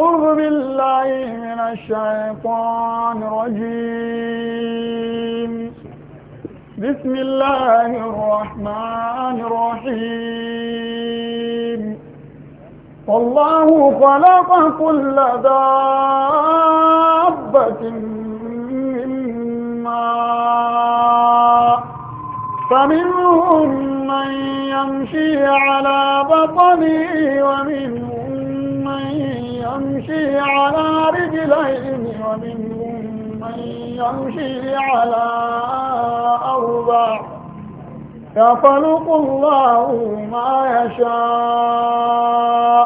أعوذ بالله من الشيطان الرجيم بسم الله الرحمن الرحيم والله خلق كل دابة مما فمنهم من يمشي على بطنه ومنهم يمشي على رجلين ومنهم من يمشي على أربع يخلق الله ما يشاء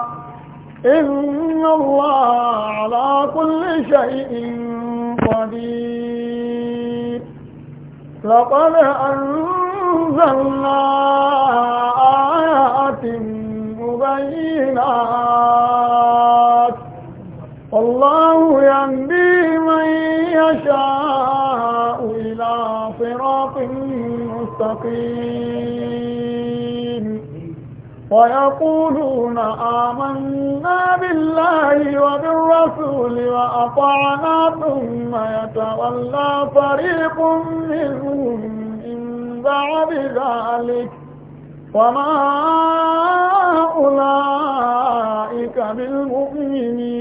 إن الله على كل شيء قدير لقد أنزلنا آيات مبينات والله يهدي من يشاء إلى صراط مستقيم ويقولون آمنا بالله وبالرسول وأطعنا ثم يتولى فريق منهم من بعد ذلك وما أولئك بالمؤمنين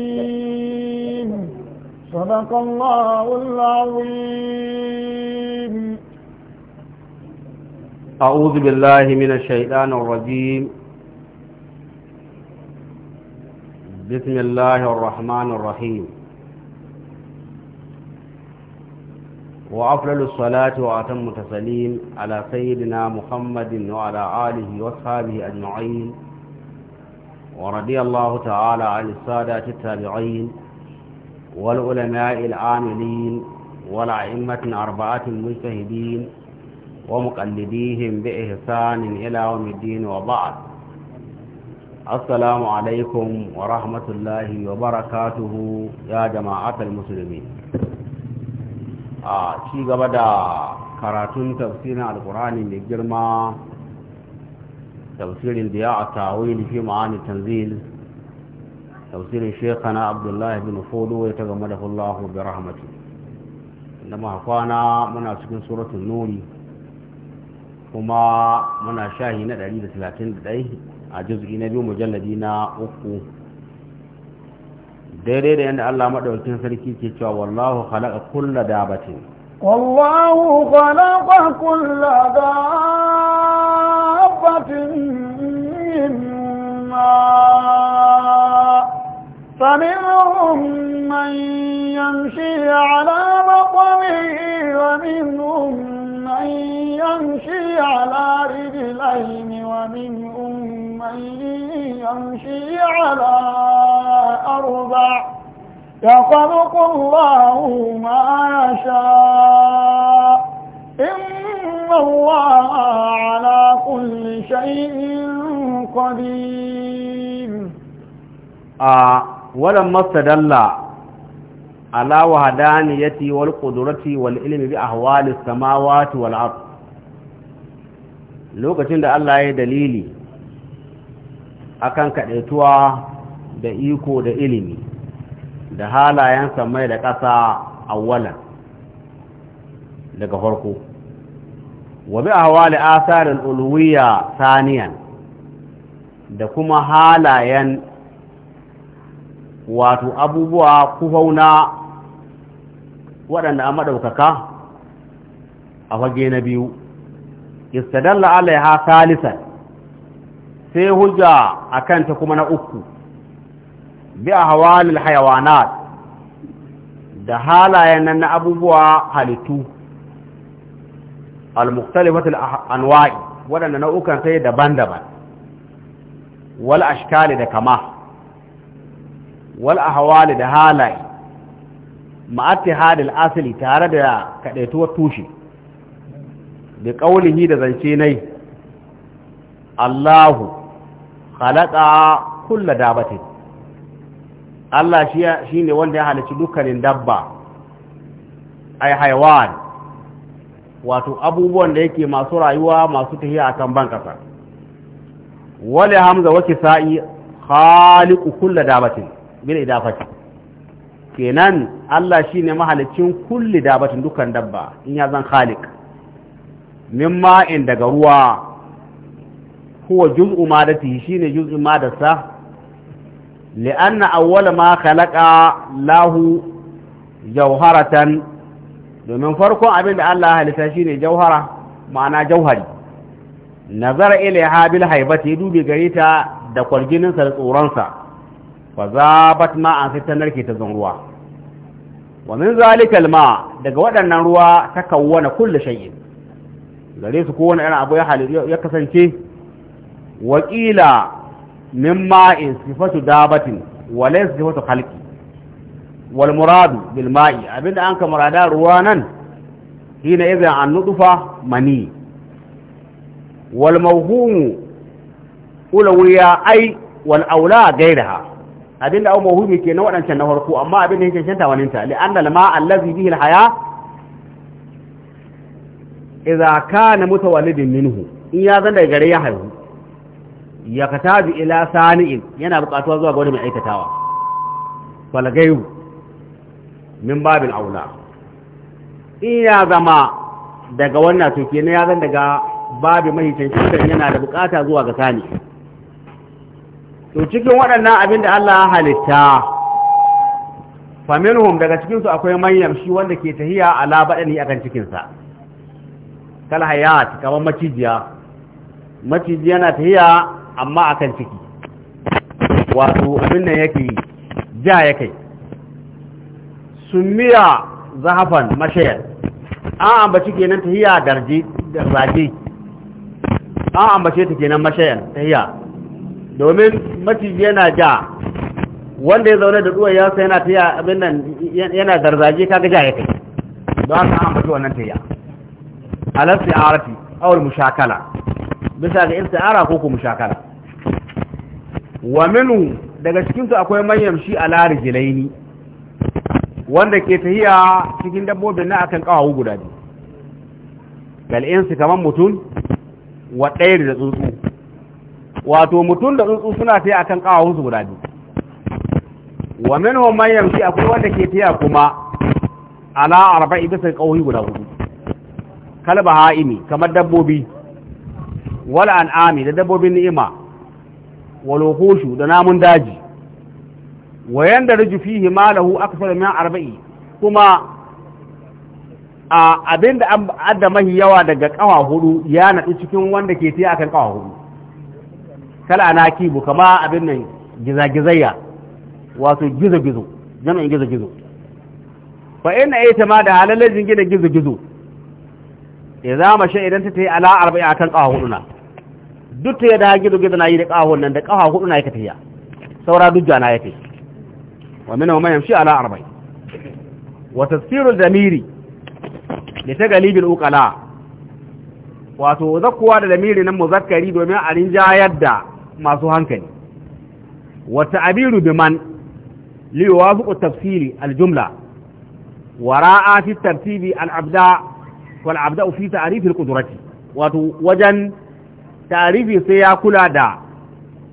صدق الله العظيم أعوذ بالله من الشيطان الرجيم بسم الله الرحمن الرحيم وأفضل الصلاة وأتم التسليم على سيدنا محمد وعلى آله وصحبه أجمعين ورضي الله تعالى عن السادة التابعين والعلماء العاملين والأئمة الأربعة المجتهدين ومقلديهم بإحسان إلى يوم الدين وبعد السلام عليكم ورحمة الله وبركاته يا جماعة المسلمين آه، شيء قبدا كراتون تفسير القرآن من الجرمى تفسير الدياء التعويل في معاني التنزيل tafsirin shekana abdullahi bin fodo ya ta game da hullahu bi rahmatu da kwana muna cikin suratun nuri kuma muna shahi na 131 a juz'i na biyu mujalladi na uku daidai da yadda allah maɗaukin sarki ke cewa wallahu khalaqa kulla dabatin wallahu khalaqa kulla dabatin فمنهم من يمشي على بطنه ومنهم من يمشي على رجلين ومنهم من يمشي على أربع يخلق الله ما يشاء إن الله على كل شيء قدير آه. walan mastadalla ala wahdaniyati wal qudrati wal ilmi bi ahwali samawati wal ard lokacin da Allah ya yi dalili akan kaɗaituwa da iko da ilimi da halayen mai da ƙasa awwala daga farko wa bi ahwali asar al uluwiyya saniyan da kuma halayen wato abubuwa kufauna waɗanda a maɗaukaka a fage na biyu istadalla alaiha salisan sai hujja a kanta kuma na uku bi a hawalil hayawanat da halayen nan na abubuwa halittu al-muktalifatul ah-, anwa'i waɗanda na'ukan sai daban-daban wal ashkali da kama wal ahwali da halaye ma'atti hadil asali tare da kadaituwar tushe da kaulihi da zance nai Allahu khalaqa kulla dabatin Allah shi ne wanda ya halarci dukkanin dabba ai haiwan wato abubuwan da yake masu rayuwa masu tafiya a kan ban ƙasa wale hamza wake sa'i khaliku kulla dabatin bil idafati kenan Allah shi ne mahalicin kulli dabatin dukkan dabba in ya zan khalik min in daga ruwa huwa juz'u madatihi shine juz'in sa li'anna أول ma Lahu lahu jawharatan domin farkon abin da Allah halitta shi ne jauhara ma'ana jauhari nazara ilaiha bil haibati dubi gareta ta da sa da tsoronsa fa zabat ma'an sai ta narke ta zan ruwa wa min zalikal ma daga waɗannan ruwa ta kawwana kullu shay'in gare su kowane irin abu ya kasance wakila min ma'in sifatu dabatin wa laysa sifatu khalqi wal muradu bil ma'i abinda an ka murada ruwa nan hina idan an nudufa mani wal mawhumu ulawiya ai wal aula gairaha abinda au mawhumi kenan wadancan na farko amma abin da yake shanta wani ta li anna al ma'a allazi bihi al haya idza kana mutawallidin minhu in ya zanda daga gare ya haihu ya katabi ila sani'in yana buƙatuwa zuwa ga wani mai aikatawa falagayu min babil aula in ya zama daga wannan to kenan ya zanda daga babu mai shi yana da buƙata zuwa ga sani'in to cikin waɗannan abin da Allah halitta faminhum daga cikinsu akwai manyan shi wanda ke tahiya ala baɗani akan cikinsa kal hayat kamar macijiya macijiya na tahiya amma akan ciki wato abin nan yake ja ya kai sumiya zahafan mashayar an ambaci kenan tahiya darje darzaje an ambace ta kenan mashayar tahiya domin maciji yana ja wanda ya zaune da tsuwa ya sai yana tiya abin nan yana zarzaje kaga ja ya kai don haka an faɗi wannan taya alas arati aw mushakala bisa ga isti'ara ko ku mushakala wa Minu daga cikin su akwai manyan shi ala rijlaini wanda ke tahiya cikin dabbobin na akan kawawu guda biyu kal insi kaman mutun wa ɗaya da tsuntsu wato mutum da tsuntsu suna taya akan kawawu su guda biyu wa minhum man yamshi akwai wanda ke taya kuma ala arba'i bisa kawawi guda hudu kalba ha'imi kamar dabbobi wal an'ami da dabbobin ni'ima wal wuhushu da namun daji wa yanda ruju fihi malahu akthar min arba'i kuma a abinda an adda mahi yawa daga kawa hudu ya nadi cikin wanda ke taya akan kawa hudu kala na kibu kama abin nan gizagizayya wato gizo-gizo jami'in gizo-gizo fa ina ita ma da halalar jingina gizo-gizo ya zama shi idan ta ta yi ala arba'i a kan ƙawa huduna duk ta yada gizo-gizo na yi da ƙawa nan da ƙawa huduna ya tafiya saura dujja na ya fi wa mina wa mayamshi ala arba'i wa tasfirul damiri da ta galibin ukala wato zakkuwa da damiri nan muzakkari domin a rinja da masu hankali wata abiru biman liwafiqu tafsiri aljumla wara'a fi tartibi al-abda fi ta'rif al wato wajen ta'rifi sai ya kula da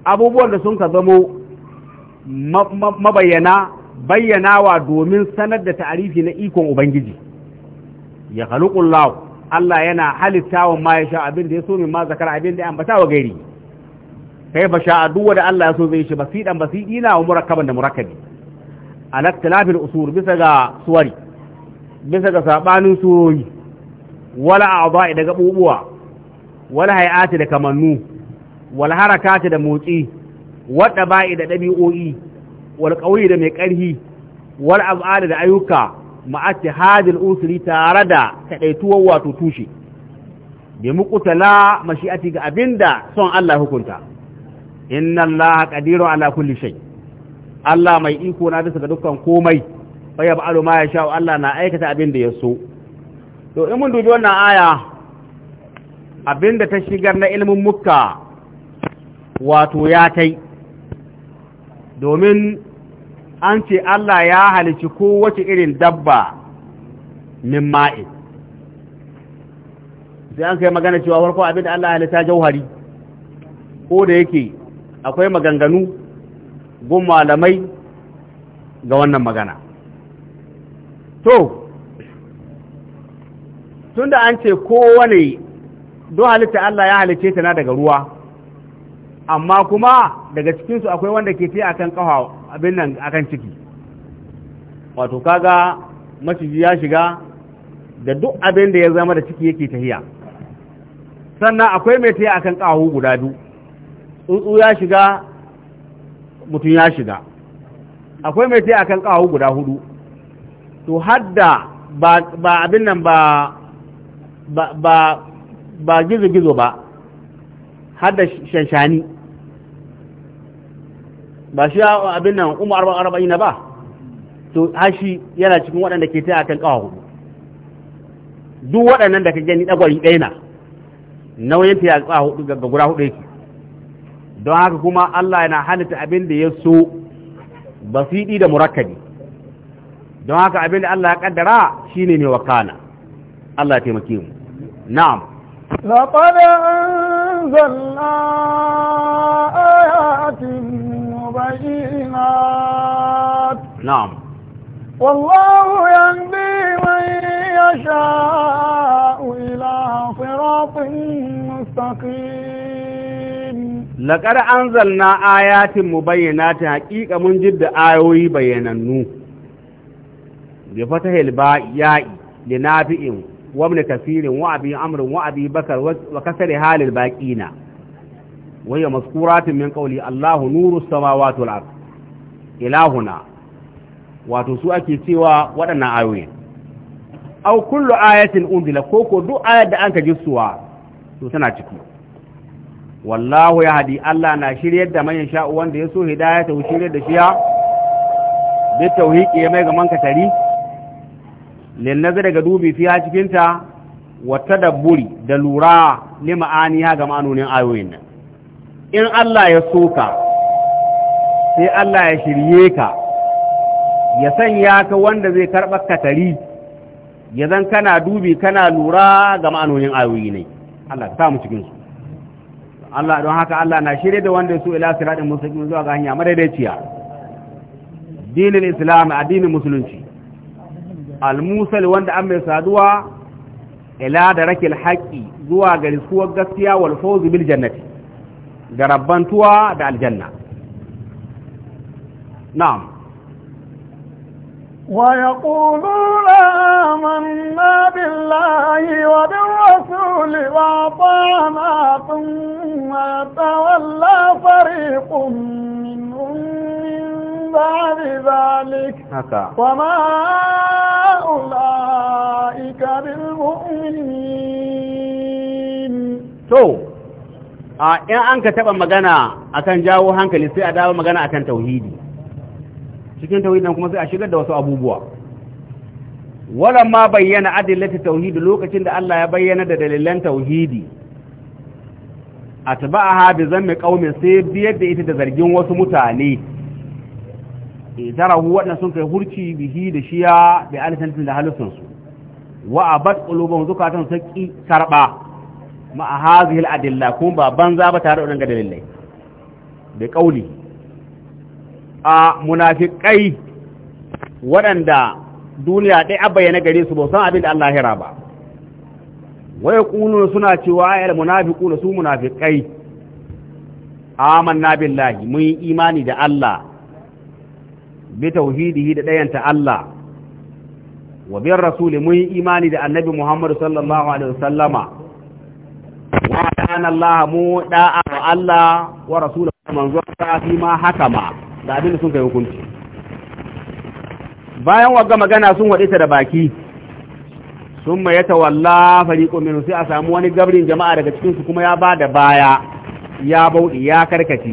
abubuwan da sun ka zamo mabayyana bayyanawa domin sanar da ta'arifi na ikon ubangiji ya khaluqullahu Allah yana halitta wa ma ya sha abin da ya so min ma zakar abin da ya ambata wa gairi kai fa sha'a duk wanda Allah ya so zai shi basidan basidi na wa murakkaban da murakkabi ala tilafil usul bisa ga suwari bisa ga sabanin surori wala a'dha'i daga bubuwa wala hay'ati da kamannu wala harakati da motsi wadda ba'i da dabi'o'i wal qawli da mai karhi wal af'ali da ayyuka ma'ati hadil usuli tare da kadaituwar wato tushe bi muqtala mashi'ati ga abinda son Allah hukunta inna Allah qadiru ala kulli shay Allah mai iko na bisa ga dukkan komai fa ya ba'alu ma ya sha'u Allah na aikata abin da ya so to in mun dubi wannan aya abin da ta shigar na ilmin mukka wato ya kai domin an ce Allah ya halici kowace irin dabba min ma'i sai an kai magana cewa farko abin da Allah ya halita jauhari ko da yake akwai maganganu gun malamai ga wannan magana to da an ce kowane don halitta Allah ya halice ta na daga ruwa amma kuma daga cikinsu akwai wanda ke ce akan kawo abin nan akan ciki wato kaga maciji ya shiga da duk abin da ya zama da ciki yake tahiya sannan akwai mai tahiya akan kawo guda biyu tsuntsu ya shiga mutum ya shiga akwai mai tai akan kawo guda hudu to hadda ba abin nan ba ba gizo-gizo ba hadda shanshani ba shi abin nan umar arba'in ba to hashi yana cikin waɗanda ke taya kan kawo hudu duk waɗannan da ka gani ɗagwari ɗaya na nauyin taya a hudu ga guda hudu yake don haka kuma Allah yana halitta abin da ya so basidi da murakkabi don haka abin da Allah ya kaddara shine ne wakana Allah ya taimake mu na'am laqad anzalna ayatin mubayyinat na'am والله يهدي من يشاء إلى صراط مستقيم laƙar an zalna ayatin mu bayyana ta haƙiƙa mun jidda ayoyi bayyanannu da fata ba ya'i da nafi'in wa ibn kasirin wa abi amrin wa abi bakar wa kasari halil baqina wa hiya maskuratun min qawli Allahu nuru samawati wal ard ilahuna wato su ake cewa waɗannan ayoyi au kullu ayatin unzila koko duk ayar da an ka jissuwa to tana ciki wallahu ya hadi Allah na shiryar da manyan sha’u wanda ya so hidaya ta shiryar da shiya bi tauhiki ya mai ga manka tari lin nazara ga dubi fiya cikin ta wa tadabburi da lura ma'ani ya ga ma'anonin ayoyin nan in Allah ya so ka sai Allah ya shirye ka ya sanya ka wanda zai karɓar ka tari ya zan kana dubi kana lura ga ma'anonin ayoyi ne Allah ka samu cikin su Allah don haka Allah na shirye da wanda su ila siratin musulmi zuwa ga hanya madaidaiciya dinin islam addinin musulunci al-musal wanda an mai saduwa ila da rakil haqi zuwa ga riskuwar gaskiya wal fawz bil jannati ga rabbantuwa da aljanna na'am ويقولون آمنا بالله وبالرسول وأطعنا ثم تولى فريق منهم من بعد ذلك وما أولئك بالمؤمنين تو in an ka taɓa magana akan jawo hankali sai a dawo magana akan tauhidi cikin tauhidin kuma sai a shigar da wasu abubuwa ma bayyana adillati tauhidi lokacin da Allah ya bayyana da dalilan tauhidi atba'aha bi zammi qaumin sai biyar da ita da zargin wasu mutane eh, tarahu waɗanda sun kai hurci bihi da shiya da alisantin da halusun su wa abat qulubum zukatan saki karba ma hazihi al adilla kun ba banza ba tare da dalilai bi qauli a munafiƙai waɗanda duniya ɗaya a bayyana gare su ba san abin da Allah hira ba wai kunu suna cewa ayal da su munafikai amanna billahi mun yi imani da Allah bi tauhidihi da ɗayanta Allah wa bin rasuli mun yi imani da annabi Muhammad sallallahu alaihi wasallama wa ta'ana Allah mu da'a wa Allah wa rasulahu manzo ta fi ma hakama da abin da sun kai hukunci bayan wagga magana sun waɗe ta da baki sun ma yata walla fariƙo minu sai a samu wani gabrin jama'a daga cikin su kuma ya ba da baya ya bauɗi ya karkaci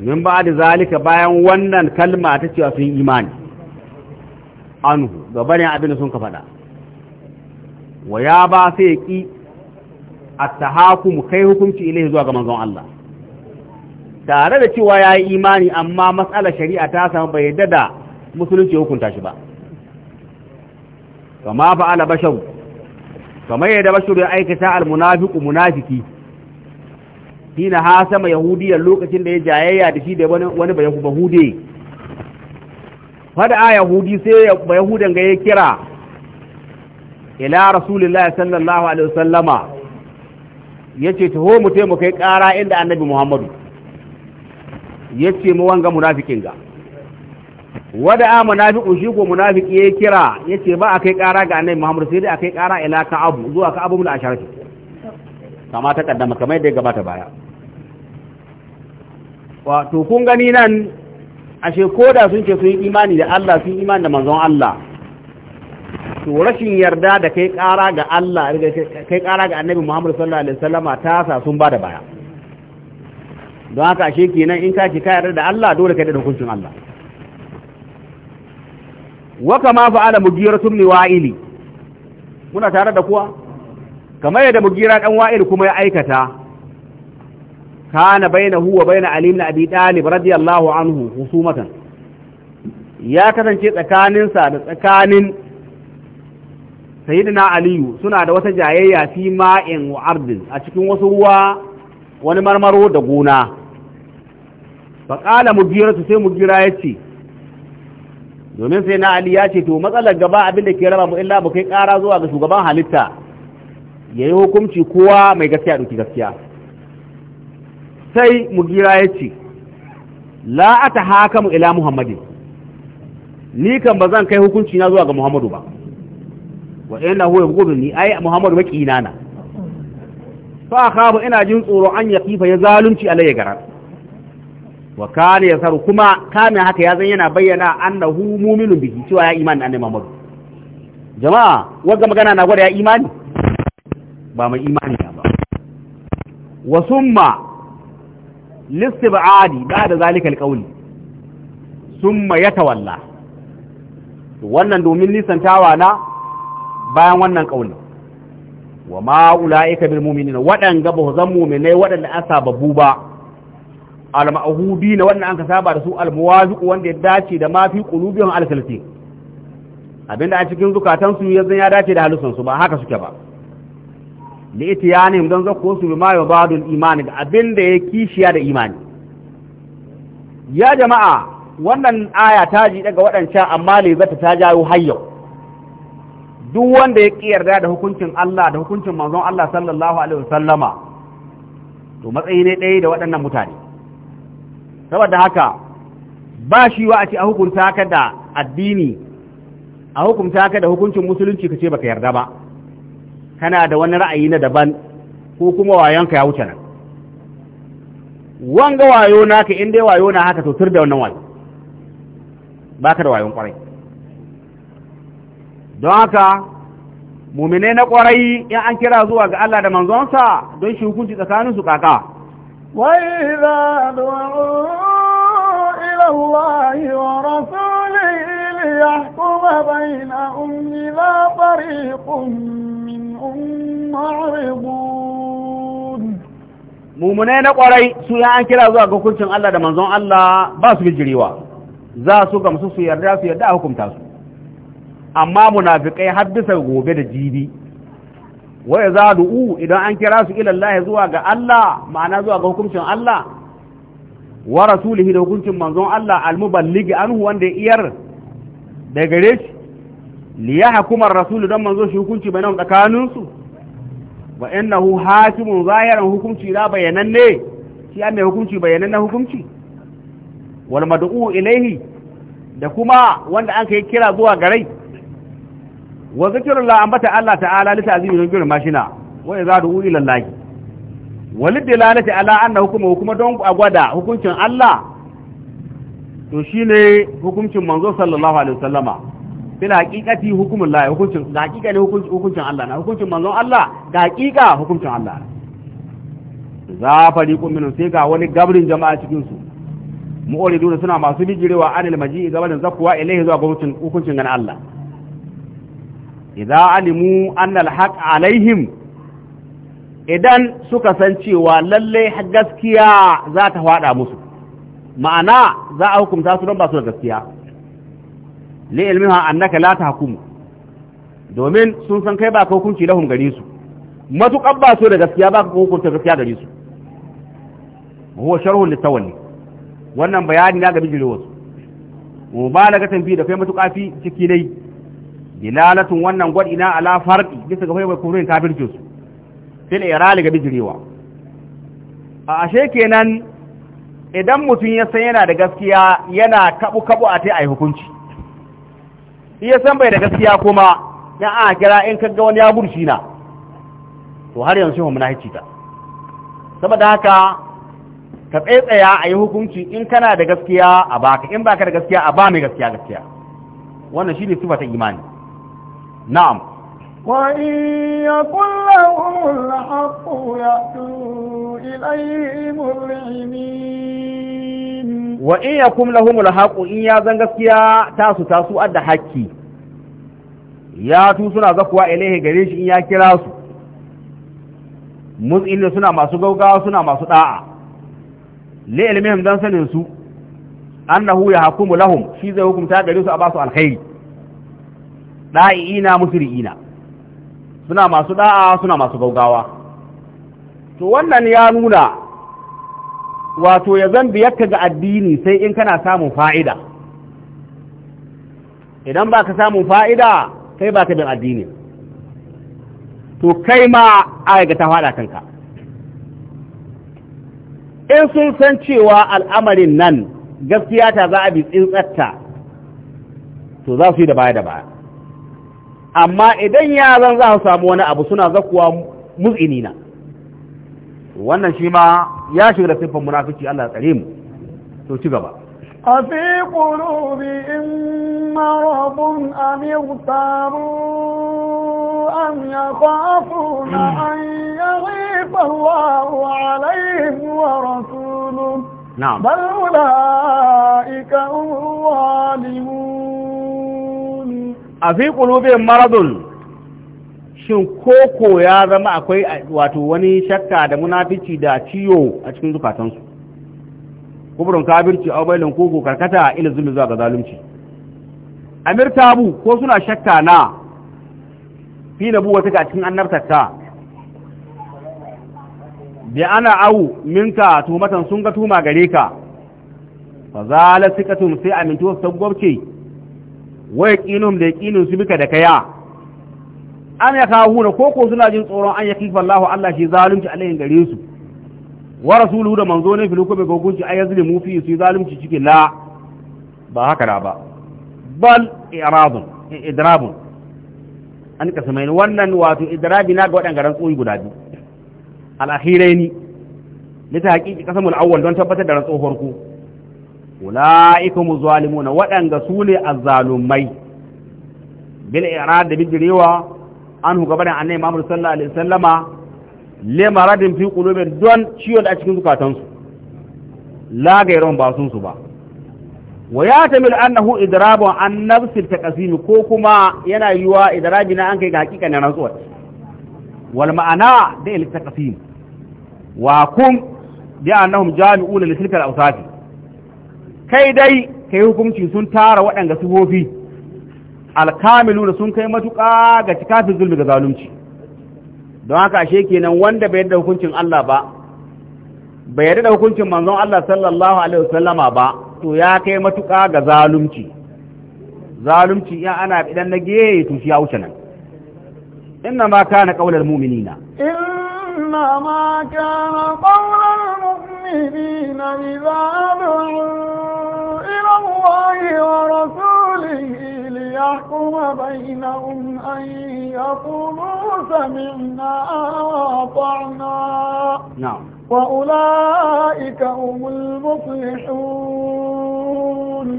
min ba da zalika bayan wannan kalma ta cewa sun imani an gaba ne abin da sun ka faɗa wa ya ba sai ki a tahakum kai hukunci ilai zuwa ga manzon Allah tare da cewa ya yi imani amma matsalar shari'a ta samu bai yadda da musulunci hukunta shi ba kama fa'ala bashar kamar yadda bashar ya aikata almunafiku munafiki hina sama yahudiyar lokacin da ya jayayya da shi da wani ba yahude fada yahudi sai ba yahudan ga ya kira ila rasulullah sallallahu alaihi wasallama yace taho mu taimaka kai kara inda annabi muhammadu yace ma wanga munafikin ga wada a munafikun shi ko munafiki ya kira yace ba a kai kara ga annabi muhammadu sai dai a kai kara ila ka abu zuwa ka abu mul asharati kama ta kaddama kamar yadda ya gabata baya wato kun gani nan ashe koda sun ce sun yi imani da Allah sun yi imani da manzon Allah to rashin yarda da kai kara ga Allah kai kara ga annabi muhammadu sallallahu alaihi wasallama ta sa sun bada baya don haka ashe kenan in ka ka yarda da Allah dole ka yi da hukuncin Allah wa kama fa'ala mugiratun ni wa'ili muna tare da kuwa kamar yadda mugira dan wa'il kuma ya aikata kana bainahu wa bain ali ibn abi talib radiyallahu anhu husumatan ya kasance tsakaninsa da tsakanin sayyidina aliyu suna da wata jayayya fi ma'in wa ardin a cikin wasu ruwa wani marmaro da gona ƙala mu biyar su sai mu gira ya ce domin sai na ali ya ce to matsalar gaba abin da ke raba mu'ila illa mu kai ƙara zuwa ga shugaban halitta ya yi hukunci kowa mai gaskiya ɗauki gaskiya sai mu gira ya ce la'ata haka ila muhammadin ni kan ba zan kai hukunci na zuwa ga muhammadu ba wa ina huwa gudu ni ai muhammadu baƙi na na fa akhafu ina jin tsoro an yaqifa ya zalunci alayya garan. wa kana yasaru kuma kana haka ya zan yana bayyana annahu mu'minun bihi cewa ya imani annabi Muhammad jama'a wanda magana na gwada ya imani ba mai imani ba wa summa listib'adi ba'da zalika alqawli summa yatawalla wannan domin nisantawa na bayan wannan kaulin wa ma ulaika bil muminin wadanga ba zan mu'minai waɗanda an sababu ba al ma'hudina wanda an ka saba da su al muwaziqu wanda ya dace da ma fi qulubihim al salati abinda a cikin zukatan su yanzu ya dace da halusan su ba haka suke ba li itiyanihim dan zakko su bima yabadu al iman da abinda ya kishiya da imani ya jama'a wannan aya ta ji daga waɗancan amma ne zata ta jayo hayyau duk wanda ya yarda da hukuncin Allah da hukuncin manzon Allah sallallahu alaihi wasallama to matsayi ne ɗaya da waɗannan mutane saboda haka ba shi wa a ce a hukunta ka da addini a hukunta ka da hukuncin musulunci ka ce baka yarda ba kana da wani ra'ayi na daban ko kuma ka ya wuce nan wanga wayo naka in dai wayo na haka to tur da wannan wayo baka da wayon kwarai don haka mumine na kwarai in an kira zuwa ga Allah da manzonsa don shi hukunci tsakanin su kaka وإذا دعوا إلى na ورسوله ليحكم بينهم إذا فريق na معرضون مؤمنين ya سويا أن كلا زوا كوكوشن الله دمان زون الله باس بجريوا za su gamsu su yarda su yarda a hukunta su amma munafikai har bisa gobe da jibi wa za du'u idan an kira su ila Allah zuwa ga Allah ma'ana zuwa ga hukuncin Allah wa rasulihi da hukuncin manzon Allah al-muballigi anhu wanda ya iyar da gare shi li yahkum ar-rasul dan manzo shi hukunci bainahum tsakanin su wa innahu hakimun zahiran hukunci la ne? shi mai hukunci bayanan na hukunci wal mad'u ilayhi da kuma wanda an kai kira zuwa garai wa zikirullah ambata Allah ta'ala li ta'zimi don girma shina wa idza du'u ila Allah wa lidilalati ala anna hukuma hukuma don a gwada hukuncin Allah to shine hukuncin manzo sallallahu alaihi wasallama bil haqiqati hukumin lahi hukuncin da haqiqa ne hukuncin Allah na hukuncin manzon Allah da haqiqa hukuncin Allah za fariqun minhum sai ga wani gabrin jama'a cikin su mu'ridu suna masu bijirewa anil maji'i gabanin zakwa ilaihi zuwa hukuncin hukuncin ganin Allah idan alimu anna alhaq alaihim idan suka san cewa lalle gaskiya za ta faɗa musu ma'ana za a hukunta su don ba su da gaskiya li ilmiha annaka la tahkum domin sun san kai ba ka hukunci lahum gare su matuƙar ba su da gaskiya ba ka hukunta gaskiya gare su huwa sharhu litawalli wannan bayani na ga bijirewa su mubalagatan fi da kai matuƙafi fi ciki dai dilalatun wannan gwadi na ala farqi bisa ga faiwa kurin kafircin su fil irali ga bijirewa a ashe kenan idan mutum ya san yana da gaskiya yana kabu kabu a tai yi hukunci iya san bai da gaskiya kuma ya a kira in kaga wani ya burshi na to har yanzu mu nahici ta saboda haka ka tsaya a yi hukunci in kana da gaskiya a baka in baka da gaskiya a ba mai gaskiya gaskiya wannan shi ne sifa imani na'am wa in yakun lahum al-haqqu ya'tu ilayhi mur'imin wa in yakum lahum al-haqqu in ya zan gaskiya tasu tasu adda haƙƙi ya tu suna zakuwa ilaihi gare shi in ya kira su mutsin suna masu gaugawa suna masu da'a li ilmihim dan sanin su annahu yahkumu lahum shi zai hukumta gare su a basu alkhairi ɗa'iina musri'ina suna masu da'a suna masu gaugawa to wannan ya nuna wato ya zan biyarka ga addini sai in kana samun fa'ida idan ba ka samun fa'ida sai ba ka bin addini to kai ma aiga ta faɗa kanka in sun san cewa al'amarin nan gaskiya ta za a bi tsintsatta to za su yi da baya da baya amma idan yaran za su samu wani abu suna zakuwa muzinina wannan shi ma ya shiga da siffar munafiki Allah ya tsare mu to ci gaba afi qulubi in marabun am yusaru am yaqafu an yaghiba Allahu alayhim wa rasuluhu na bal ulaika huwa alimun a fi ƙulubin maradun shin koko ya zama akwai wato wani shakka da munafici da ciyo a cikin zukatansu kuburin kabirci a bailin koko karkata ila zulmi zuwa ga zalunci amir tabu ko suna shakka na fi na buwa ta cikin annabtarta bi ana au minka tuhumatan sun ga tuma gare ka fa zala sikatun sai amintuwa sabgwabce wai kinum da ƙinun su bika da kaya an ya kawo na koko suna jin tsoron an ya kifa Allah Allah shi zalunci alayhin gare su wa rasuluhu da manzo ne filu kuma gogunci ay yazlimu fi su zalunci cikin la ba haka da ba bal iradun idrabun an ka samai wannan wato idrabi na ga garan tsoyi guda biyu al-akhiraini lita haqiqi qasamul awwal don tabbatar da ku. ula'ikum na waɗanga su ne azzalumai bil irada bijirewa an gaba da annabi Muhammad sallallahu alaihi Sallama, le maradin fi qulubin don ciwon a cikin zukatansu la gairon ba sun su ba wa ya tamil annahu idrabun an nafsil taqsim ko kuma yana yiwa idrabi na an kai ga hakika na rantsuwa wal ma'ana da il taqsim wa kum bi annahum jami'una li tilka al kai dai kai hukunci sun tara waɗanda sifofi alkamilu da sun kai matuƙa ga cika fi zulmi ga zalunci don haka ashe kenan wanda bai yarda hukuncin Allah ba bai yarda da hukuncin manzon Allah sallallahu alaihi wasallama ba to ya kai matuƙa ga zalunci zalunci ya ana idan na geye to shi ya wuce nan inna ma kana qaulal mu'minina inna ma kana qaulal المؤمنين إذا دعوا إلى الله ورسوله ليحكم بينهم أن يقولوا سمعنا وأطعنا نعم وأولئك هم المفلحون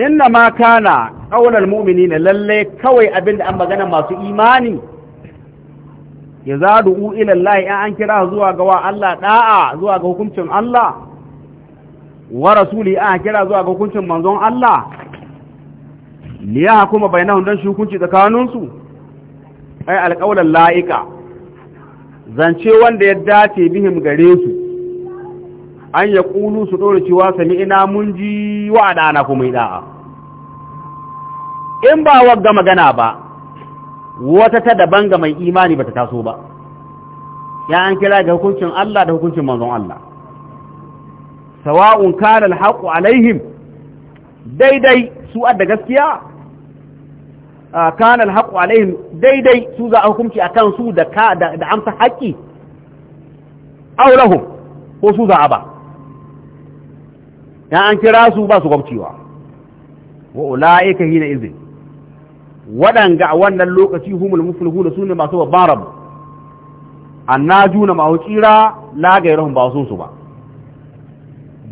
إنما كان قول المؤمنين للي كوي أبن أما جنا ما في إيماني ya za du'u ilallahi in an kira zuwa ga wa Allah da'a zuwa ga hukuncin Allah wa rasuli an kira zuwa ga hukuncin manzon Allah liya bai bainahum dan shukunci tsakaninsu ai alqaulan la'ika zance wanda ya dace bihim gare su an ya kulu su ɗora cewa sami ina mun ji wa'ada na kuma da'a in ba wagga magana ba wata ta daban ga mai imani bata taso ba ya an kira ga hukuncin Allah da hukuncin manzon Allah sawa'un kana alhaqu alaihim daidai su adda gaskiya kana alhaqu alaihim daidai su za a hukunci akan su da ka da amsa haƙi aw lahum ko su za a ba ya an kira su ba su gwamcewa wa ula'ika hina izin waɗanga a wannan lokaci humul da su ne masu babban rabu juna ma tsira la ba su ba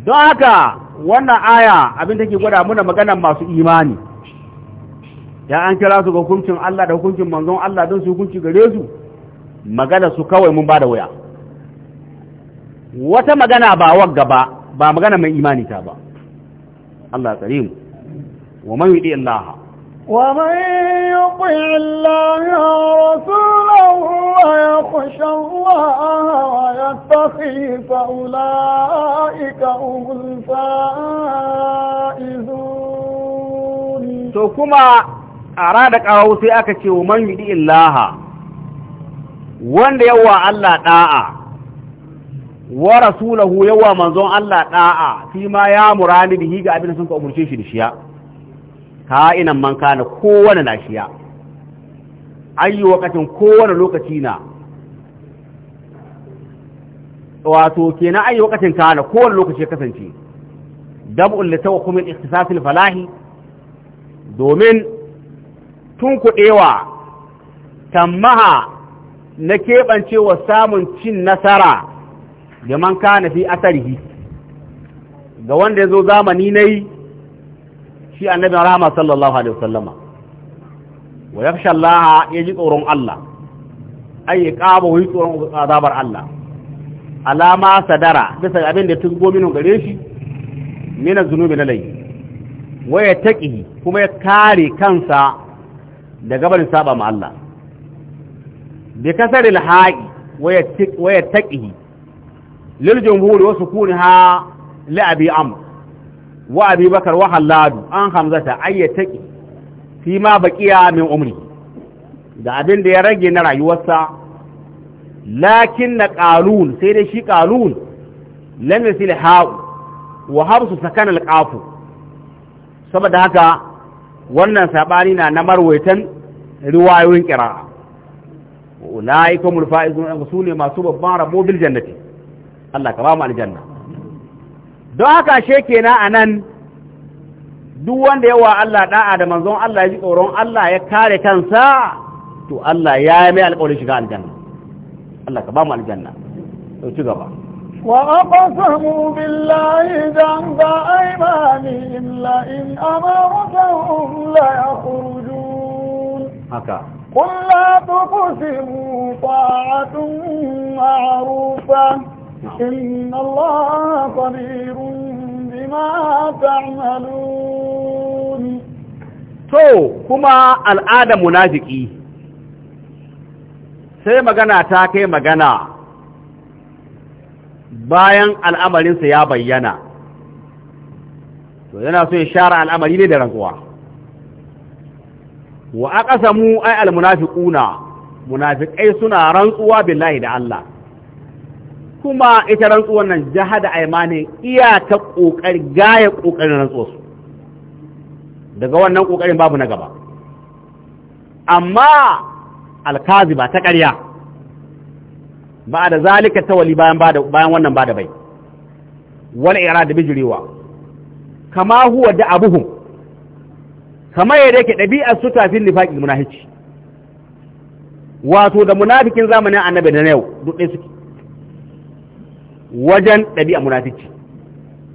don haka wannan aya abin take ke gwada muna magana masu imani ya an kira su ga hukuncin Allah da hukuncin manzon Allah don su hukunci gare su magana su kawai mun bada waya wata magana ba wagga ba ba magana mai imani ta ba Allah karim wa man yudi Allah ومن يطع الله ورسوله ويخشى الله ويتقي فأولئك هم الفائزون to kuma a rada ومن يدي الله ce wa man yudi wanda yawa Allah da'a wa rasulahu yawa manzon Allah da'a fi ma ya murani bihi ga abin sun ka umurce shi da shiya ka'inan man kana kowane nashiya ayi wakatin kowane lokaci na wato kenan ayi wakatin kana kowane lokaci kasance dab'un li tawqumin ikhtisas falahi domin tun kudewa tammaha na keɓancewa samun cin nasara da man kana fi asarihi ga wanda ya zo zamani na yi shi annabi rahama sallallahu alaihi wasallama wa yakhsha Allah ya ji tsoron Allah ay yaqabu yi tsoron azabar Allah alama sadara bisa abin da tungo minu gare shi mina zunubi na laifi wa ya taqihi kuma ya kare kansa da gabarin saba ma Allah bi kasaril ha'i wa ya taqihi lil jumhur wa sukuniha li abi amr wa abi bakar wa halladu an hamzata ayyataki fi ma baqiya min umri da abin da ya rage na rayuwarsa lakin na qalun sai dai shi qalun lam yasil ha'u wa habsu sakana alqafu saboda haka wannan sabani na na marwaitan riwayoyin qira'a ulaikumul faizun an sune masu babban rabo bil jannati Allah ka ba mu aljanna don haka shekena a nan duk wanda yawa Allah da'a da manzon Allah ya ji tsoron Allah ya kare kansa to Allah ya yi mai alƙawarin shiga aljanna Allah ka ba mu aljanna to ci gaba وأقسموا بالله جنب أيمانهم لئن أمرتهم ليخرجون هكا قل لا تقسموا طاعة معروفة إن الله قدير بما تعملون to kuma al'ada munafiki sai magana ta kai magana bayan al'amarinsa ya bayyana to yana so ya shara al'amari ne da rantsuwa wa aqasamu ay al munafiquna munafiqai suna rantsuwa billahi da Allah kuma ita rantsuwar nan jahada aimani iya ta kokari gaya kokarin rantsuwar su daga wannan kokarin babu na gaba amma alkazi ba ta ƙarya ba da zalika tawali bayan bayan wannan ba da bai Wani ira da bijirewa kama huwa da abuhum kama da yake ɗabi'ar su tafi nifaqi munahici wato da munafikin zamanin annabi da na yau duk ɗaya suke wajen ɗabi'a munafiki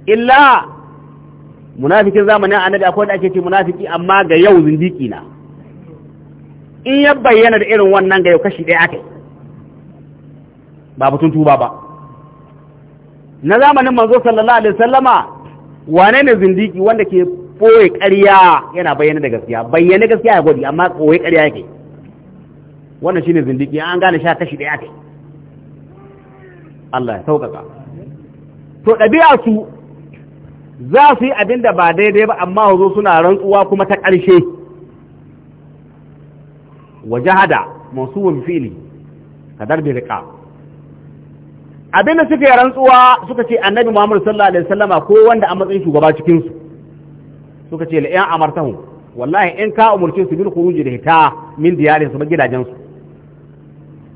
illa munafikin zamanin annabi akwai da ake ce munafiki amma ga yau zindiki na in ya bayyana da irin wannan ga yau kashi ɗaya aka ba batun tuba ba na zamanin manzo sallallahu alaihi wasallama wane ne zindiki wanda ke ɓoye ƙarya yana bayyana da gaskiya bayyana gaskiya ya gwadi amma ɓoye ƙarya yake wannan shine zindiki an gane sha kashi ɗaya aka Allah ya sauƙaƙa to ɗabi'a su za su yi abin da ba daidai ba amma zo suna rantsuwa kuma ta ƙarshe wa jahada masuwin fili kadar bi riƙa abin da suka yi rantsuwa suka ce annabi Muhammadu sallallahu alaihi wasallama ko wanda an matsayin shugaba cikinsu, suka ce la'yan amartahu wallahi in ka umarci su bil khuruji da hita min diyarinsu su ba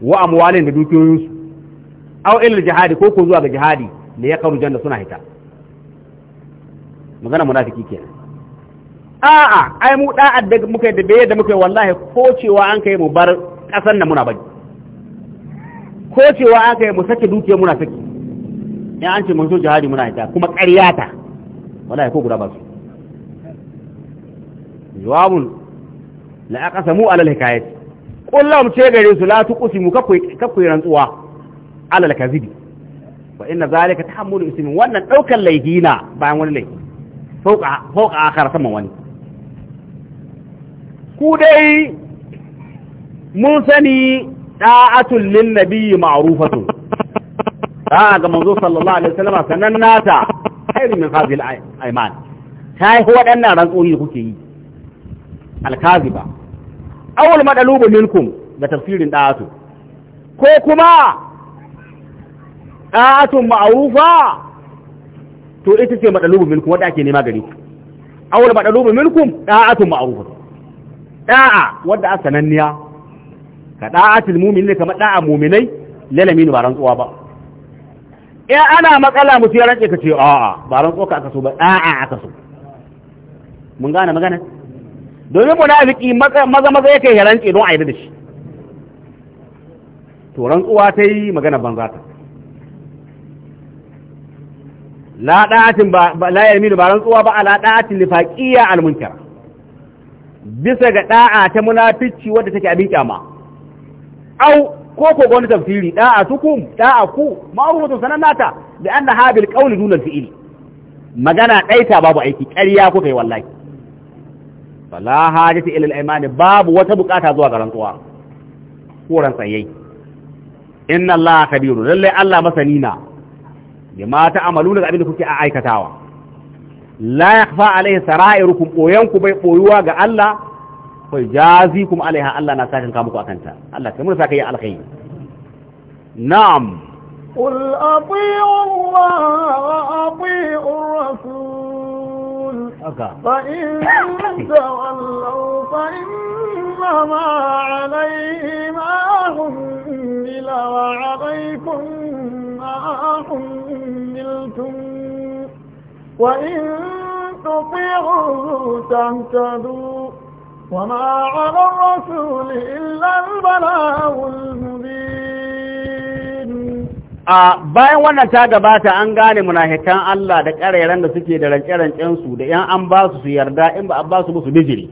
wa amwalin da dukiyoyinsu. aw ilal jihadi ko ko zuwa ga jihadi ne ya karu janna suna hita magana munafiki kenan a'a ai mu da adda muka da bayyana da muka wallahi ko cewa an kai mu bar kasar nan muna baki ko cewa an kai mu saki dukiya muna saki, ya an ce mun so jihadi muna hita kuma ƙarya ta wallahi ko guda ba su jawabun la aqsamu ala al-hikayat qul lahum ce gare su la tuqsimu kakwai kakwai rantsuwa alal kazibi wa inna zalika tahammulu ismin wannan daukan na bayan wani laifi fauka fauka akhar sama wani ku dai mun sani da'atul lin nabiyyi ma'rufatun da'a ga manzo sallallahu alaihi wasallam sanan nata khairu min hadhihi al-ayman ko waɗannan rantsoyi kuke yi al-kaziba awal madalubu minkum da tafsirin da'atu ko kuma ta'atun ma'rufa to ita ce madalubu minkum wanda ake nema gare ku awal madalubu minkum ta'atun ma'rufa ta'a wanda aka sananniya ka da'atul mu'minina kamar da'a mu'minai lalamin ba rantsuwa ba in ana matsala mutu ya rantse ka ce a'a ba rantsuwa ka aka so ba a'a aka so mun gane magana domin munafiki maza maza yake ya rantse don a yi da shi to rantsuwa ta yi magana banzata la da'atin ba la ba rantsuwa ba ala da'atin nifaqiyya al bisa ga ɗa'a ta munafici wadda take abin kyama au ko ko gwani tafsiri da'a tukum da'a ku ma'rufatu sanannata bi anna habil qawli dun al magana ɗaita babu aiki ƙarya ko kai wallahi fala hajati ila al babu wata bukata zuwa ga rantsuwa ko rantsayi inna allaha kabirun lalle allah masani na bima da abin da kuke a aikatawa la yakhfa alaihi sara'irukum boyanku bai boyuwa ga Allah fa jazikum alaiha Allah na sakin ka muku akanta Allah kai mun saka yi alkhairi na'am qul ati'u Allah wa ati'u rasul fa in tawallu fa innama alayhi ma hum bila wa alaykum حملتم وإن تطيعوا تهتدوا وما على الرسول إلا البلاغ المبين bayan wannan ta gabata an gane munafikan Allah da ƙarairan da suke da rance-rancen su da yan an ba su su yarda in ba a ba su musu bijiri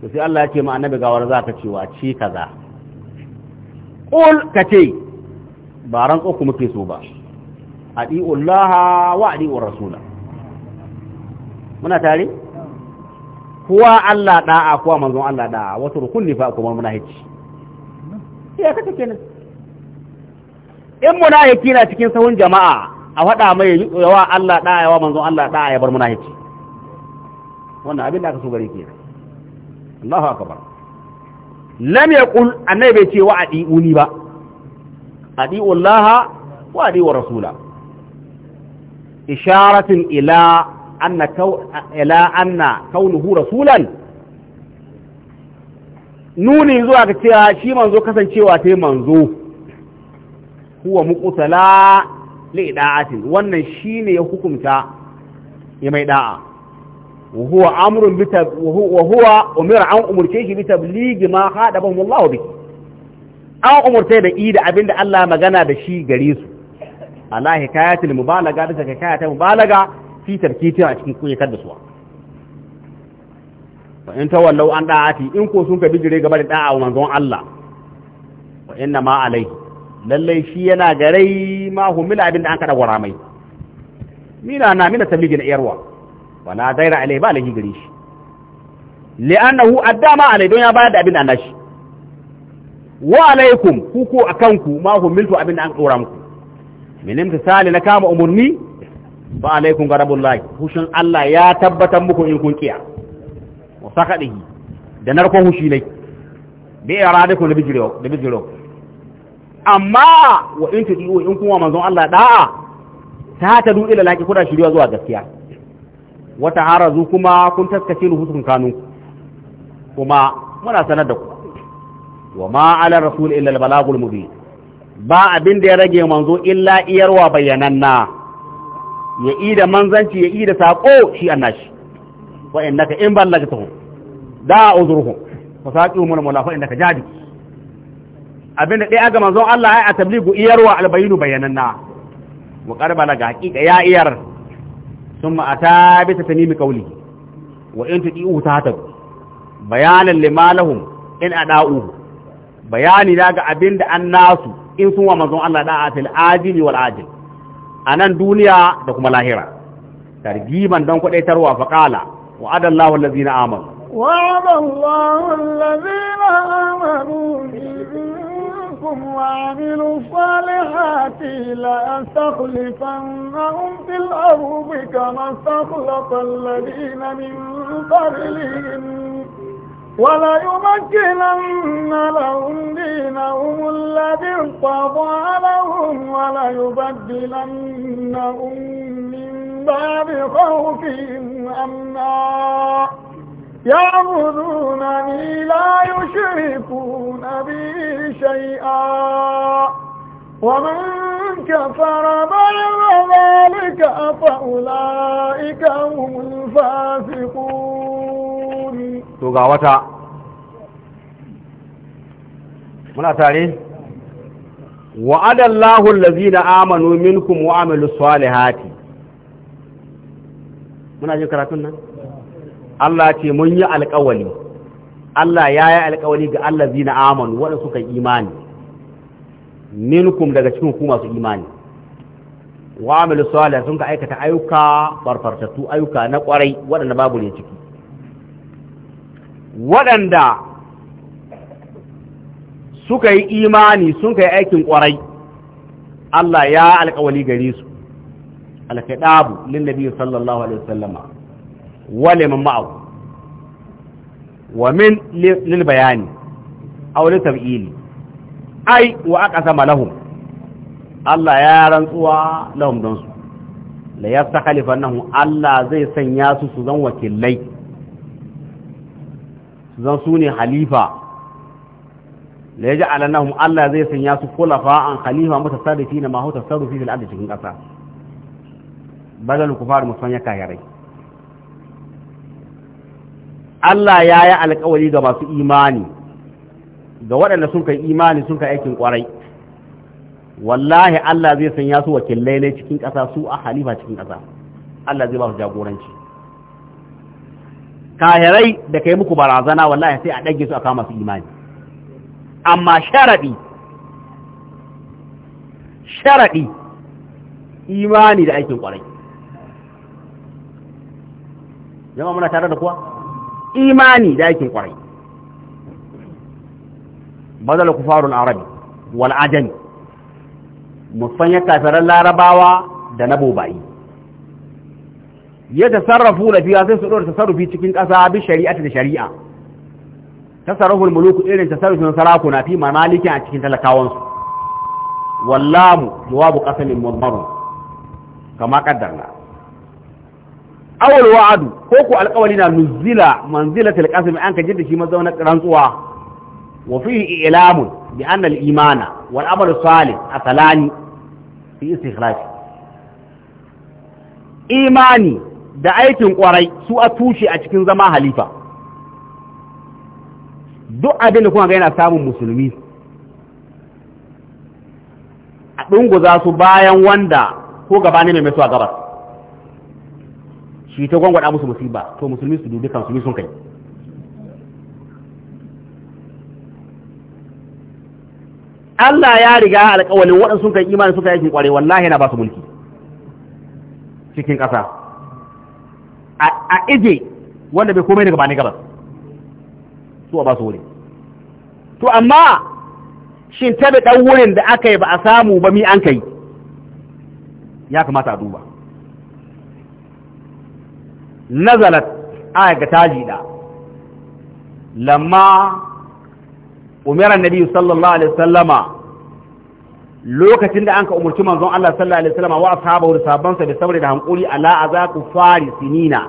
to sai Allah ya ce ma annabi gawar za ka cewa ci kaza qul ce. ba ran ku muke so ba adi'u Laha wa adi'u rasula muna tare kuwa Allah da'a kuwa manzon Allah da'a wato kulli fa kuma muna hici sai aka take ne in hici na cikin sahun jama'a a fada mai yawa Allah da'a yawa manzon Allah da'a ya bar hici wannan abin da aka so gare ke Allahu akbar lam yaqul annabi bai ce wa'adi uni ba adi'u Allah wa adi'u rasula isharatin ila anna ila anna kaunuhu rasulan nuni zuwa ga cewa shi manzo kasancewa ta manzo huwa muqtala li da'atin wannan shine ya hukunta ya mai da'a wa huwa amrun bi wa huwa an umurke shi bi tablighi an umurta da i da abin da Allah magana da shi gare su Allah hikayatul mubalaga da zaka kayata mubalaga fi tarkitin a cikin kuyakar da suwa fa in tawallau an da'ati in ko sun ka bijire gaba da da'a manzon Allah wa inna ma alai lalle shi yana garai ma humila abin da an kada gwara mai mina na mina tabligin yarwa wala daira alai ba alai gare shi li'annahu addama alai don ya bayar da abin da nashi wa alaikum ku ko akan ku ma humiltu abin da an dora muku min imtisali na kama umarni fa alaikum ghadabullahi hushin Allah ya tabbatar muku in kun kiya wa sakadihi da narkon hushi ne bi iradakum da bijiro da bijiro amma wa in tudiu in kuma manzon Allah da'a ta tadu ila laki kuna shiriwa zuwa gaskiya wata harazu kuma kun taskace ruhukun kanunku kuma muna sanar da ku wa ma ala rasul illa balagul mubin ba abin da ya rage manzo illa iyarwa bayyananna ya ida manzanci ya ida sako shi annashi wa innaka in ballagtahu da uzruhu fa saqiu mun mulafa innaka jadi abin da dai aga manzon Allah ai a tabligu iyarwa albayinu bayyananna wa qarbala ga hakika ya iyar thumma atabita tanimi qawli wa in tudiu tatab bayanan lima lahum in ada'uhu bayani daga ga abin da an nasu in sun wa manzon Allah da atil ajili wal ajil anan duniya da kuma lahira targiban don kwadaitarwa faqala wa adallahu allazina amanu wa adallahu allazina amanu minkum wa amilu salihati la لأستخلفنهم fil ardi kama astakhlafa allazina min qablihim يمكنن لهم دينهم الذي ارتضى لهم وليبدلنهم من باب خوفهم أمنا يعبدونني لا يشركون بي شيئا ومن كفر بعد ذلك فأولئك هم الفاسقون to ga wata muna tare wa'adallahu da amanu minkum wa amilu salihati muna jin karatun nan Allah ce mun yi alƙawali Allah ya yi alƙawali ga na amanu waɗanda suka imani minkum daga cikin ku masu imani wa amilu salihati sun ka aikata ayyuka farfartattu ayyuka na kwarai waɗanda babu ne ciki waɗanda suka yi imani sun kai aikin ƙwarai Allah ya alƙawali gare su alkaɗabu lillabi sallallahu alaihi wasallama wale ma'au wa min lil bayani aw li tab'ili ai wa sama lahum Allah ya rantsuwa lahum don su la yastakhlifannahu Allah zai sanya su su zan wakilai zan su ne halifa da ya ja'ala nahum Allah zai sanya su kula khulafa halifa khalifa mutasarrifi na mahauta tasarrufi da ardi cikin kasa badal kufar musan ya kayarai Allah ya yi alkawari ga masu imani ga waɗanda sun kai imani sun kai aikin kwarai wallahi Allah zai sanya su wakilai ne cikin ƙasa su a halifa cikin ƙasa Allah zai ba su jagoranci kahirai da kai muku barazana wallahi sai a ɗage su a kama su imani amma sharaɗi sharaɗi imani da aikin kwarai Zama muna tare da kuwa imani da aikin kwarai badal kufarul arabi wal ajami musan ya kafiran larabawa da na bobayi يتصرفون فيها تصرف تصرف في تكين أصحاب الشريعة الشريعة تصرف الملوك إلين تصرف من صلاحنا في ممالك عن يعني تكين تلكاون واللام مواب قسم مضمر كما قدرنا أول وعد فوقوا على قولنا نزل منزلة القسم أنك جد في مزونة رنسوة وفيه إعلام بأن الإيمان والأمل الصالح أصلاني في استخلاص إيماني da aikin kwarai su a tushe a cikin zama halifa duk abin da kuma ga yana samun musulmi a ɗunguza su bayan wanda ko gabanin mai a gabas shi ta gwangwada musu musiba to musulmi su dubi kan su sun kai Allah ya riga alƙawalin waɗansu sun kai imanin suka yakin ƙware wallahi yana ba su mulki cikin ƙasa a ije wanda bai komai daga bani gabas su a ba su wuri to amma shin tabi dan wurin da aka yi ba a samu ba mi an kai ya kamata a duba nazalat aya ga taji da lamma umira nabi sallallahu alaihi wasallama lokacin da an ka umarci manzon Allah sallallahu alaihi wasallam wa ashabahu da sabansa da saboda hankuri ala azaku fari sinina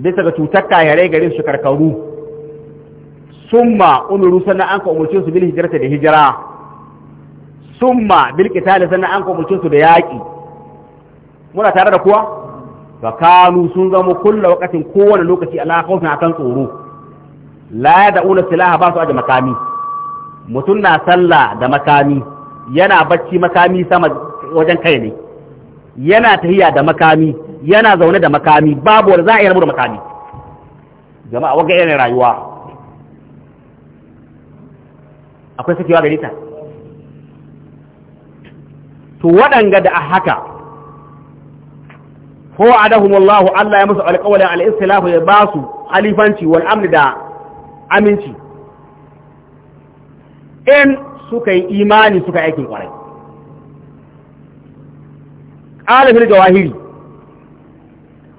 bisa ga cutar kayarai garin su karkaru summa umiru sannan an ka umarce su bil hijrata da hijira summa bil qitali sannan an ka umarce su da yaki muna tare da kuwa fa sun zama kulla waqatin kowane lokaci ala khawfin akan tsoro la yad'una silaha ba su aje makami Mutum na sallah da makami yana bacci makami sama wajen kai ne yana tahiya da makami yana zaune da makami babu wanda za a yi rabu da makami jama'a waga yanayin rayuwa akwai sakewa gari ta to waɗanga da a haka ko adahum Allah Allah ya musu alƙawalin al ya ba su halifanci wani amni da aminci in suka yi imani suka aikin kwarai ƙalifin jawahiri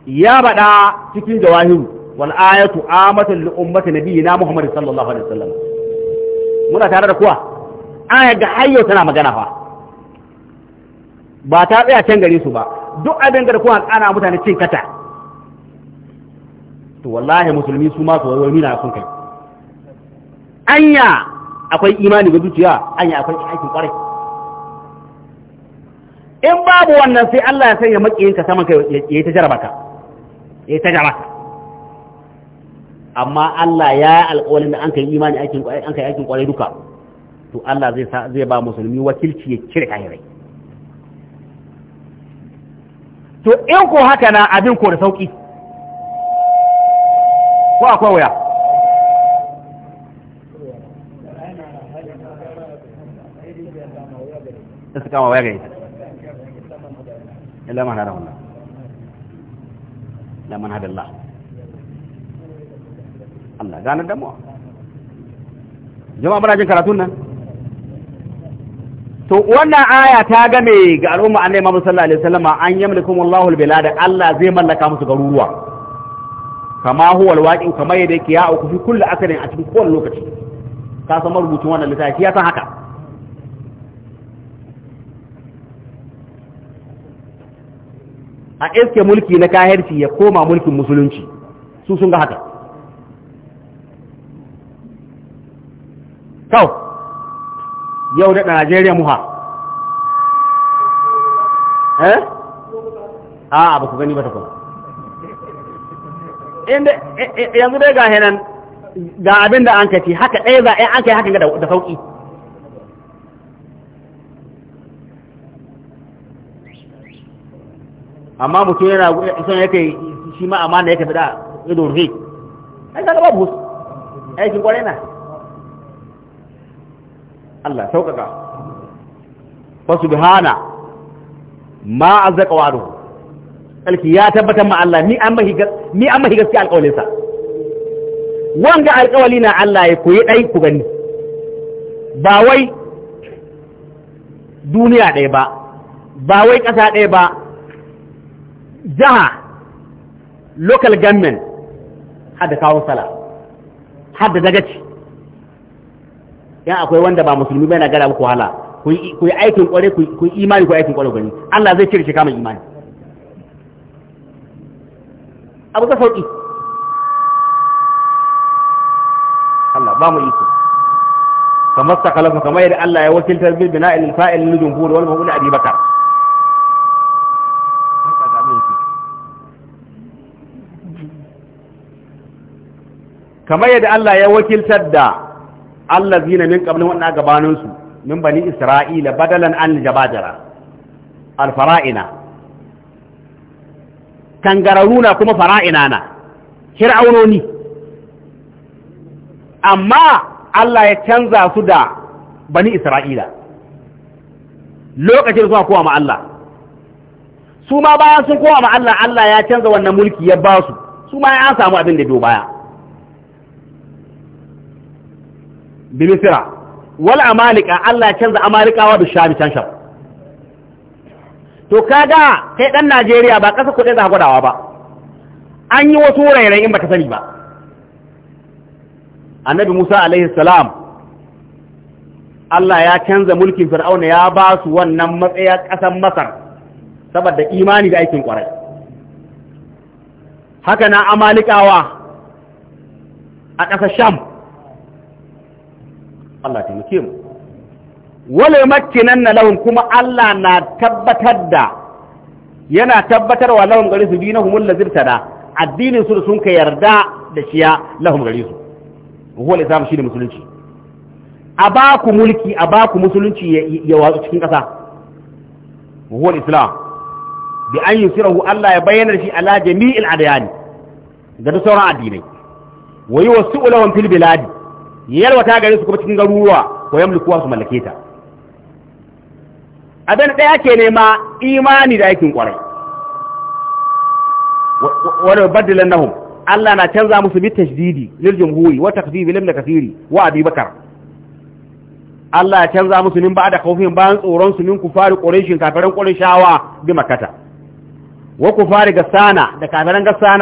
ya baɗa cikin jawahiru wal ayatu amatul li ummati nabiyina Muhammad sallallahu alaihi wasallam muna tare da kuwa an ga hayyo tana magana fa ba ta tsaya can gare su ba duk abin da kuwa ana mutane cin kata to wallahi musulmi su ma su wani na sun kai anya akwai imani ga zuciya yi akwai aikin kwarai in babu wannan sai Allah ya sanya makiyinka ka saman kai ya yi ta jarabata ya yi ta jarabata amma Allah ya yi alkawalin da an kai imani aikin kwarai an kai aikin kwarai duka to Allah zai zai ba musulmi wakilci ya cire kahirai to in ko haka na abin ko da sauki ko akwai wuya kama waya ga ita illa man hada Allah illa man hadalla Allah Allah ganar da mu jama'a muna jin karatun nan to wannan aya ta game ga al'umma annabi Muhammad sallallahu alaihi wasallam an yamlikum Allahu al-bilad Allah zai mallaka musu garuruwa kama huwa alwaqin kama yadda yake ya auku fi kulli akarin a cikin kowane lokaci ka san marubutun wannan littafi ya san haka a iske mulki na kahirci ya koma mulkin musulunci su sun ga haka kau yau da najeriya muha eh a ba ku gani ba ta kuma inda eh, eh, yanzu dai ga henan ga abin da an kaci haka ɗaya za eh, a yi an kai haka da sauƙi amma mutum yana son yake shi ma amana yake da ido rufe ai kaga babu husu aikin kwarai na Allah sauƙaƙa fa subhana ma azzaka wa'aduhu alki ya tabbatar ma Allah ni an mahi ni an mahi gaskiya wanga alƙawali na Allah ya koyi dai ku gani ba wai duniya ɗaya ba ba wai ƙasa ɗaya ba jiha local government hada kawo sala hada dagaci yan akwai wanda ba musulmi bai na gara muku wahala ku yi aikin kware ku yi imani ku aikin kware gani Allah zai cire shi kama imani abu ta sauki Allah ba mu iko kamar sakalafa kamar yadda Allah ya wakiltar bil bina'il fa'il hudu wal mawlud abi bakar kamar yadda Allah ya wakiltar da Allah zina min kablin wannan gabaninsu, su min bani Isra'ila badalan an jabajara alfara'ina kangararuna kuma fara'ina na fir'aunoni amma Allah ya canza su da bani Isra'ila lokacin zuwa kowa ma Allah su ma bayan sun kowa ma Allah Allah ya canza wannan mulki ya ba su su ma ya samu abin da biyo baya bi misra amalika Allah ya canza amalikawa bi sham can sham to kaga kai dan Najeriya ba kasa kuɗi za gwadawa ba an yi wasu rairayi in baka sani ba annabi Musa alaihi salam Allah ya canza mulkin Fir'auna ya ba su wannan matsaya kasan Masar saboda imani da aikin kwarai haka na amalikawa a ƙasar Sham Allah taimake mu wala makkinanna lahum kuma Allah na tabbatar da yana tabbatarwa lahum gari su dinahum allazi tada addinin su sun ka yarda da shiya lahum gari su huwa al shi ne musulunci a ba ku mulki a ba ku musulunci ya watsu cikin ƙasa huwa al-islam bi an yusirahu Allah ya bayyana shi ala jami'il adyan ga duk sauran addinai wa yi yuwassu lahum fil biladi yalwata gari su kuma cikin garuruwa ko yamlikuwa su mallake ta abin ɗaya ke nema imani da aikin kwarai wani baddilan nahum Allah na canza musu bi tashdidi lil jumhuri wa takfifi lil kathiri wa abi bakar Allah ya canza musu min da kaufin bayan tsoron su min fari quraishin kafiran qurayshawa bi makata wa ku fari gasana da kafaran gasana